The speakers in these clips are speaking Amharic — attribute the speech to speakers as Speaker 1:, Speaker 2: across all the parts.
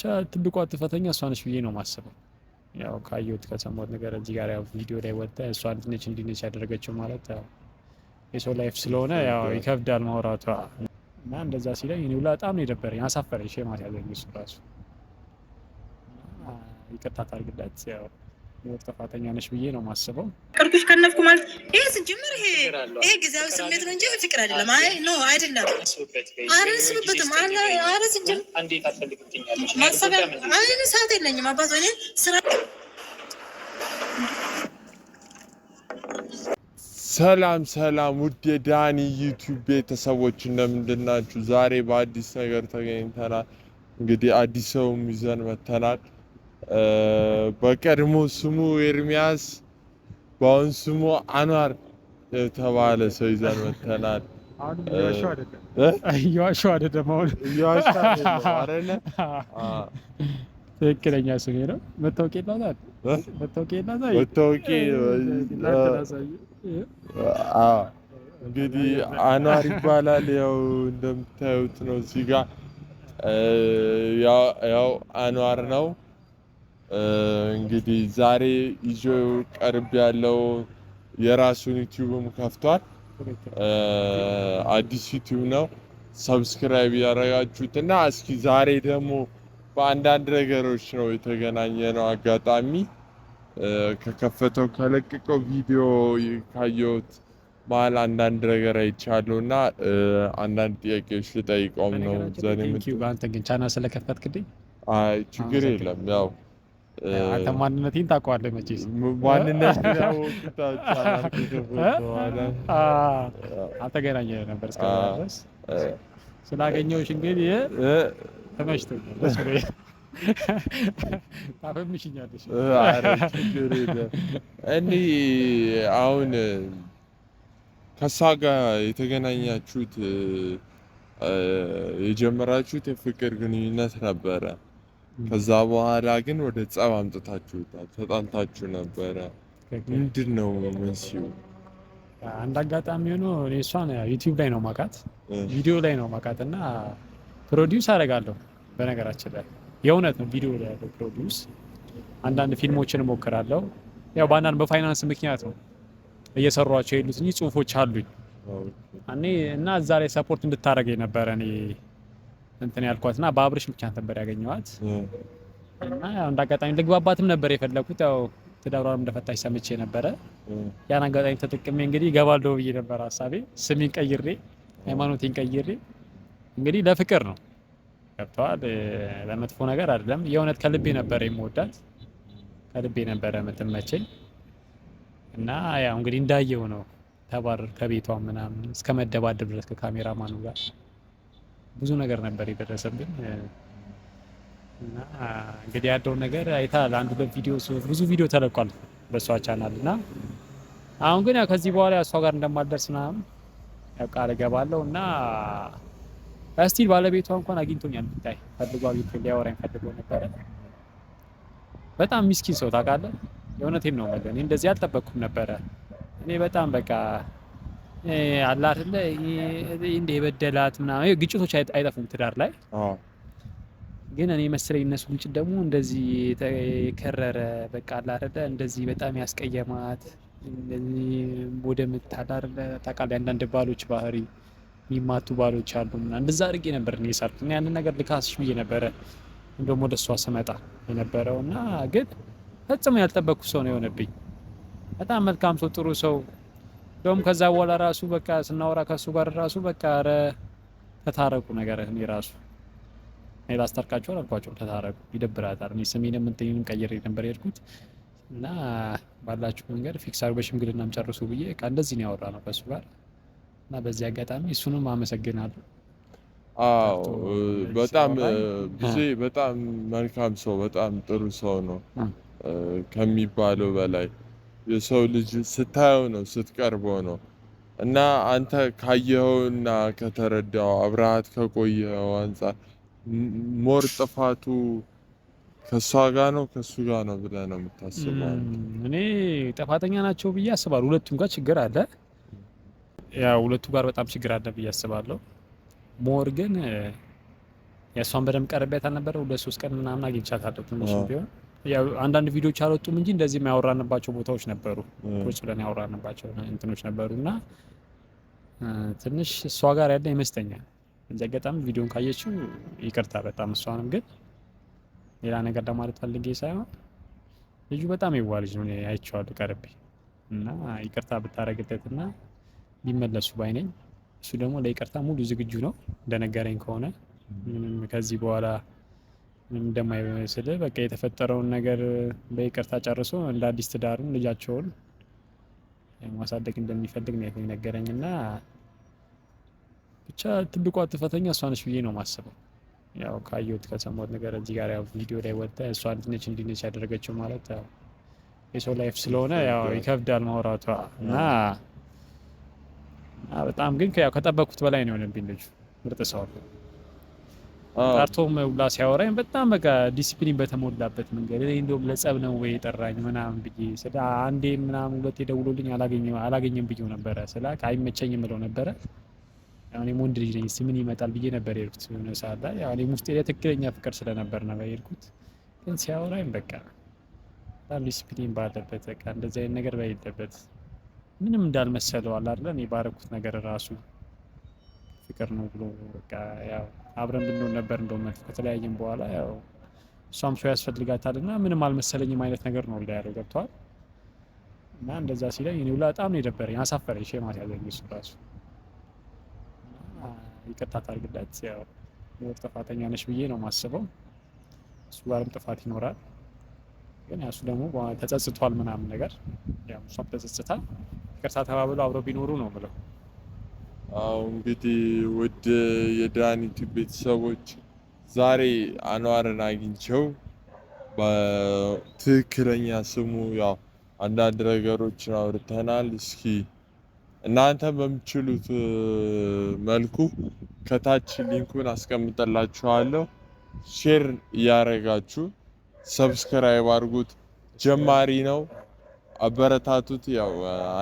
Speaker 1: ብቻ ትልቋ ጥፋተኛ እሷ ነች ብዬ ነው የማስበው። ያው ካየሁት ከሰማሁት ነገር እዚህ ጋር ያው ቪዲዮ ላይ ወጣ እሷ ልትነች እንዲነች ያደረገችው ማለት የሰው ላይፍ ስለሆነ ያው ይከብዳል ማውራቷ እና እንደዛ ሲለኝ እኔ ብላ በጣም ነው የደበረኝ፣ አሳፈረኝ። ሼማት ያዘኝ እሱ ራሱ ይቅርታ ታርግለት ያው ጥፋተኛ ነች ብዬ ነው ማስበው።
Speaker 2: ቅርቶች ከነፍኩ ማለት ይሄ ስጀምር ይሄ ይሄ ጊዜያዊ ስሜት ነው እንጂ ፍቅር አይደለም። አይ ኖ አይደለም። አረስብበትም ስብበትም ማሰቢያ አይ ሰዓት የለኝም አባት እኔ ስራ
Speaker 3: ሰላም ሰላም፣ ውድ የዳኒ ዩቲዩብ ቤተሰቦች እንደምንድናችሁ? ዛሬ በአዲስ ነገር ተገኝተናል። እንግዲህ አዲስ ሰውም ይዘን መተናል። በቀድሞ ስሙ ኤርሚያስ በአሁን ስሙ አኗር የተባለ ሰው ይዘን መተናል።
Speaker 1: እየዋሸሁ አይደለም።
Speaker 3: አሁን
Speaker 1: ትክክለኛ ስሜ ነው። መታወቂያ ይላታል። መታወቂያ
Speaker 3: ይላታል። እንግዲህ አንዋር ይባላል። ያው እንደምታዩት ነው እዚህ ጋር ያው አኗር ነው። እንግዲህ ዛሬ ይዞ ቀርብ ያለው የራሱን ዩቲዩብም ከፍቷል። አዲስ ዩቲዩብ ነው። ሰብስክራይብ ያደረጋችሁት እና እስኪ ዛሬ ደግሞ በአንዳንድ ነገሮች ነው የተገናኘ ነው አጋጣሚ ከከፈተው ከለቀቀው ቪዲዮ ካየሁት መሀል አንዳንድ ነገር አይቻሉ እና አንዳንድ ጥያቄዎች ልጠይቀውም ነው።
Speaker 1: ቻና ስለከፈትክልኝ
Speaker 3: ችግር የለም ያው
Speaker 1: አንተ ማንነቴን ታውቀዋለህ መቼስ። ማንነት አልተገናኘንም ነበር እስከዚያ ድረስ። ስላገኘሁሽ እንግዲህ ተመችቶኛል። ታፈምሽኛለሽ።
Speaker 3: እኔ አሁን ከእሷ ጋር የተገናኛችሁት የጀመራችሁት የፍቅር ግንኙነት ነበረ ከዛ በኋላ ግን ወደ ጸብ አምጥታችሁታል። ተጣልታችሁ ነበረ። ምንድን ነው መንስኤው?
Speaker 1: አንድ አጋጣሚ ሆኖ እሷን ዩቲዩብ ላይ ነው ማውቃት፣ ቪዲዮ ላይ ነው ማውቃት እና ፕሮዲውስ አደርጋለሁ። በነገራችን ላይ የእውነት ነው ቪዲዮ ላይ ያለው ፕሮዲውስ፣ አንዳንድ ፊልሞችን እሞክራለሁ። ያው በአንዳንድ በፋይናንስ ምክንያት ነው እየሰሯቸው የሉት እ ጽሁፎች አሉኝ እና እዛ ላይ ሰፖርት እንድታደርገኝ ነበረ እኔ እንትን ያልኳትና በአብርሽ ምክንያት ነበር ያገኘዋት እና ያው እንዳጋጣሚ ልግባባትም ነበር የፈለኩት ያው ትዳሯንም እንደፈታች ሰምቼ ነበረ። ያን አጋጣሚ ተጠቅሜ እንግዲህ እገባለሁ ብዬ ነበር ሀሳቤ። ስሜን ቀይሬ ሃይማኖቴን ቀይሬ እንግዲህ ለፍቅር ነው ገብተዋል። ለመጥፎ ነገር አይደለም። የእውነት ከልቤ ነበረ የምወዳት ከልቤ ነበረ የምትመቸኝ እና ያው እንግዲህ እንዳየው ነው ተባረር ከቤቷ ምናምን እስከ መደባደብ ድረስ ከካሜራማኑ ጋር ብዙ ነገር ነበር የደረሰብን እና እንግዲህ ያለውን ነገር አይታ አንድ ሁለት ቪዲዮ ብዙ ቪዲዮ ተለቋል በእሷ ቻናል እና አሁን ግን ያው ከዚህ በኋላ እሷ ጋር እንደማልደርስ ምናምን ያው ቃል እገባለሁ እና እስቲል ባለቤቷ እንኳን አግኝቶኛል ብታይ ፈልጎ አግኝቶ ሊያወራኝ ፈልጎ ነበረ። በጣም ሚስኪን ሰው ታውቃለህ። የእውነቴን ነው መገን እንደዚህ አልጠበቅኩም ነበረ እኔ በጣም በቃ አለ አይደለ እንደ የበደላት ምናምን ግጭቶች አይጠፉም ትዳር ላይ ግን እኔ መሰለኝ እነሱ ግጭት ደግሞ እንደዚህ የከረረ በቃ አለ አይደለ እንደዚህ በጣም ያስቀየማት እንደዚህ ወደ ምታዳር ታውቃለህ አንዳንድ ባሎች ባህሪ የሚማቱ ባሎች አሉ እና እንደዛ አድርጌ ነበር እኔ የሳልኩት እና ያንን ነገር ልካስሽ ብዬ ነበረ እንደውም ወደ እሷ ስመጣ የነበረው እና ግን ፈጽሞ ያልጠበቅኩ ሰው ነው የሆነብኝ በጣም መልካም ሰው ጥሩ ሰው እንደውም ከዛ በኋላ ራሱ በቃ ስናወራ ከሱ ጋር ራሱ በቃ ኧረ ተታረቁ ነገር እኔ ራሱ እኔ ላስታርቃቸው አላልኳቸው፣ ተታረቁ ይደብራታል። እኔ ስሜንም እንትኔንም ቀይሬ ነበር የሄድኩት እና ባላችሁ መንገድ ፊክስ አድርጎ በሽምግልናም ጨርሱ ብዬ በቃ እንደዚህ ነው ያወራ ነው ከሱ ጋር እና በዚህ አጋጣሚ እሱንም አመሰግናለሁ።
Speaker 3: አዎ በጣም ብዙ በጣም መልካም ሰው በጣም ጥሩ ሰው ነው ከሚባለው በላይ የሰው ልጅ ስታየው ነው፣ ስትቀርበው ነው። እና አንተ ካየኸውና ከተረዳው አብረሃት ከቆየኸው አንጻር ሞር ጥፋቱ ከእሷ ጋር ነው ከእሱ ጋር ነው ብለህ ነው የምታስበው?
Speaker 1: እኔ ጥፋተኛ ናቸው ብዬ አስባለሁ። ሁለቱም ጋር ችግር አለ፣ ያው ሁለቱ ጋር በጣም ችግር አለ ብዬ አስባለሁ። ሞር ግን የእሷን በደንብ ቀርቤያት አልነበረ። ሁለት ሶስት ቀን ምናምን አግኝቻታለሁ ትንሽ ቢሆን አንዳንድ ቪዲዮዎች አልወጡም እንጂ እንደዚህ ያወራንባቸው ቦታዎች ነበሩ፣ ቁጭ ብለን ያወራንባቸው እንትኖች ነበሩ እና ትንሽ እሷ ጋር ያለ ይመስለኛል። እዚ አጋጣሚ ቪዲዮን ካየችው ይቅርታ በጣም እሷንም ግን ሌላ ነገር ለማለት ፈልጌ ሳይሆን ልጁ በጣም የዋህ ልጅ ነው፣ አይቼዋለሁ ቀርቤ እና ይቅርታ ብታረግለት እና ቢመለሱ ባይነኝ እሱ ደግሞ ለይቅርታ ሙሉ ዝግጁ ነው እንደነገረኝ ከሆነ ምንም ከዚህ በኋላ እንደማይመስልህ በቃ የተፈጠረውን ነገር በይቅርታ ጨርሶ እንደ አዲስ ትዳሩን ልጃቸውን ማሳደግ እንደሚፈልግ ነው የነገረኝ። እና ብቻ ትልቋ ጥፋተኛ እሷ ነች ብዬ ነው ማስበው። ያው ካየሁት ከሰማሁት ነገር እዚህ ጋር ያው ቪዲዮ ላይ ወጣ እሷ እንዲህ ነች ያደረገችው ማለት ያው የሰው ላይፍ ስለሆነ ያው ይከብዳል ማውራቷ እና በጣም ግን ያው ከጠበቅኩት በላይ ነው የሆነብኝ ልጁ ምርጥ ሰው ጠርቶም ውላ ሲያወራኝ በጣም በቃ ዲሲፕሊን በተሞላበት መንገድ እንዲሁም ለጸብ ነው ወይ የጠራኝ ምናምን ብዬ ስለ አንዴ ምናምን ሁለቴ ደውሎልኝ አላገኘም ብዬው ነበረ ስላ አይመቸኝ የምለው ነበረ። እኔም ወንድ ልጅ ነኝ ስምን ይመጣል ብዬ ነበር የሄድኩት። የሆነ ሰዓት ላይ ያው እኔም ውስጤ ላይ ትክክለኛ ፍቅር ስለነበር ነው የሄድኩት። ግን ሲያወራኝ በቃ በጣም ዲሲፕሊን ባለበት በቃ እንደዚህ አይነት ነገር በሌለበት ምንም እንዳልመሰለው አለ አይደለ ባረኩት ነገር ራሱ ፍቅር ነው ብሎ በቃ ያው አብረን ብንሆን ነበር እንደው ከተለያየም በኋላ ያው እሷም ሰው ያስፈልጋታል እና ምንም አልመሰለኝም አይነት ነገር ነው ላይ ያለው ገብተዋል። እና እንደዛ ሲለኝ እኔ ሁላ በጣም ነው የደበረኝ፣ አሳፈረኝ። ሼማት ያዘኝ እሱ ራሱ ይቅርታ ታርግለት ያው ሞት ጥፋተኛ ነች ብዬ ነው የማስበው። እሱ ጋርም ጥፋት ይኖራል፣ ግን ያሱ ደግሞ ተጸጽቷል ምናምን ነገር ያው እሷም ተጸጽታል ይቅርታ ተባብሎ አብረው ቢኖሩ ነው ብለው
Speaker 3: እንግዲህ ውድ የዳኒቱ ቤተሰቦች ዛሬ አኗርን አግኝቸው በትክክለኛ ስሙ ያው አንዳንድ ነገሮችን አውርተናል። እስኪ እናንተ በምችሉት መልኩ ከታች ሊንኩን አስቀምጠላችኋለሁ። ሼር እያረጋችሁ ሰብስክራይብ አድርጉት። ጀማሪ ነው። አበረታቱት። ያው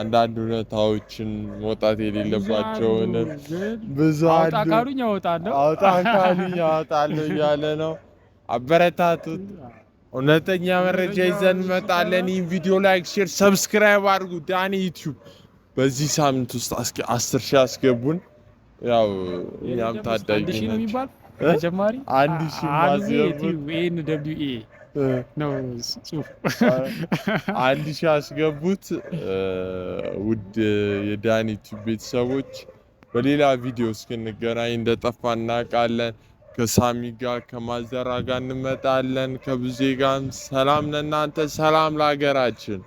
Speaker 3: አንዳንድ ሁኔታዎችን መውጣት የሌለባቸውን
Speaker 1: ብዙ አውጣ አወጣለሁ
Speaker 3: አውጣ አወጣለሁ እያለ ነው። አበረታቱት። እውነተኛ መረጃ ይዘን እንመጣለን። ይህ ቪዲዮ ላይክ፣ ሼር፣ ሰብስክራይብ አድርጉ። ዳኒ ዩቲዩብ በዚህ ሳምንት ውስጥ አስር ሺህ አስገቡን። ያው እኛም ታዳጊ
Speaker 1: ነች አንድ ሺህ ነው ጽሁፍ
Speaker 3: አንድ ሺህ አስገቡት። ውድ የዳኒቱ ቤተሰቦች በሌላ ቪዲዮ እስክንገናኝ እንደጠፋ እናውቃለን። ከሳሚ ጋር ከማዘራ ጋር እንመጣለን። ከብዜ ጋር ሰላም ለእናንተ፣ ሰላም ለሀገራችን።